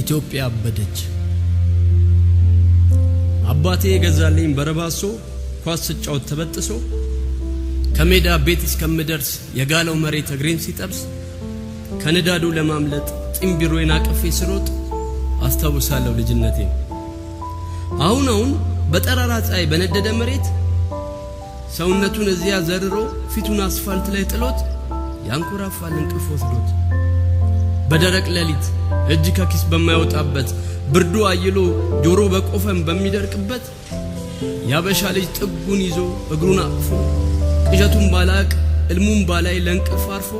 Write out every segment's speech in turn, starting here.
ኢትዮጵያ አበደች። አባቴ የገዛልኝ በረባሶ ኳስ ስጫወት ተበጥሶ ከሜዳ ቤት እስከምደርስ የጋለው መሬት እግሬን ሲጠብስ ከንዳዱ ለማምለጥ ጢም ቢሮዬን አቅፌ ስሮጥ አስታውሳለሁ ልጅነቴ አሁን አሁን በጠራራ ፀሐይ በነደደ መሬት ሰውነቱን እዚያ ዘርሮ ፊቱን አስፋልት ላይ ጥሎት ያንኮራፋል እንቅልፍ ወስዶት በደረቅ ሌሊት እጅ ከኪስ በማይወጣበት ብርዱ አይሎ ጆሮ በቆፈን በሚደርቅበት ያበሻ ልጅ ጥጉን ይዞ እግሩን አቅፎ ቅዠቱን ባላቅ እልሙን ባላይ ለእንቅልፍ አርፎ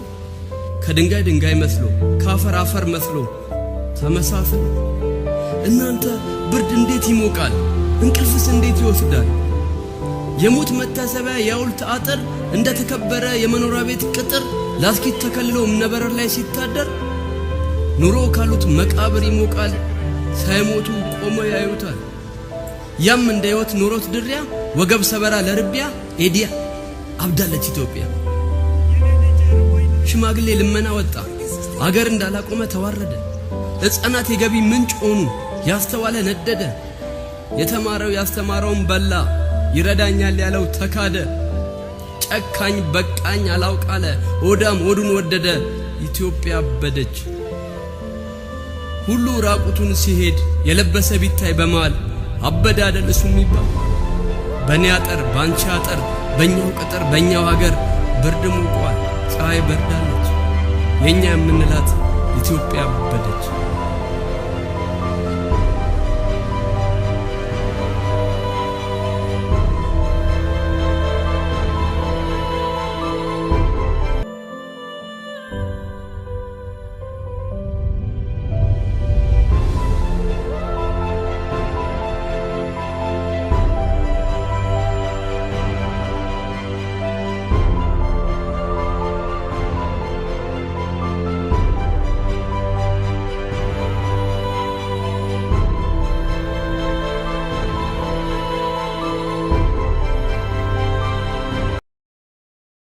ከድንጋይ ድንጋይ መስሎ ከአፈር አፈር መስሎ ተመሳስሎ እናንተ ብርድ እንዴት ይሞቃል? እንቅልፍስ እንዴት ይወስዳል? የሞት መታሰቢያ የሐውልት አጥር እንደተከበረ የመኖሪያ ቤት ቅጥር ላስኪት ተከልሎ እምነበረር ላይ ሲታደር ኑሮ ካሉት መቃብር ይሞቃል፣ ሳይሞቱ ቆመው ያዩታል። ያም እንደ ህይወት ኑሮት ድሪያ ወገብ ሰበራ ለርቢያ ኤዲያ አብዳለች ኢትዮጵያ። ሽማግሌ ልመና ወጣ፣ አገር እንዳላቆመ ተዋረደ። ሕፃናት የገቢ ምንጭ ሆኑ፣ ያስተዋለ ነደደ። የተማረው ያስተማረውን በላ፣ ይረዳኛል ያለው ተካደ። ጨካኝ በቃኝ አላውቃለ፣ ሆዳም ሆዱን ወደደ። ኢትዮጵያ አበደች። ሁሉ ራቁቱን ሲሄድ የለበሰ ቢታይ በመዋል አበዳደል እሱ የሚባል በእኔ አጠር በአንቺ አጠር በእኛው ቅጥር በእኛው ሀገር ብርድ ሙቋል ፀሐይ በርዳለች የእኛ የምንላት ኢትዮጵያ በደች።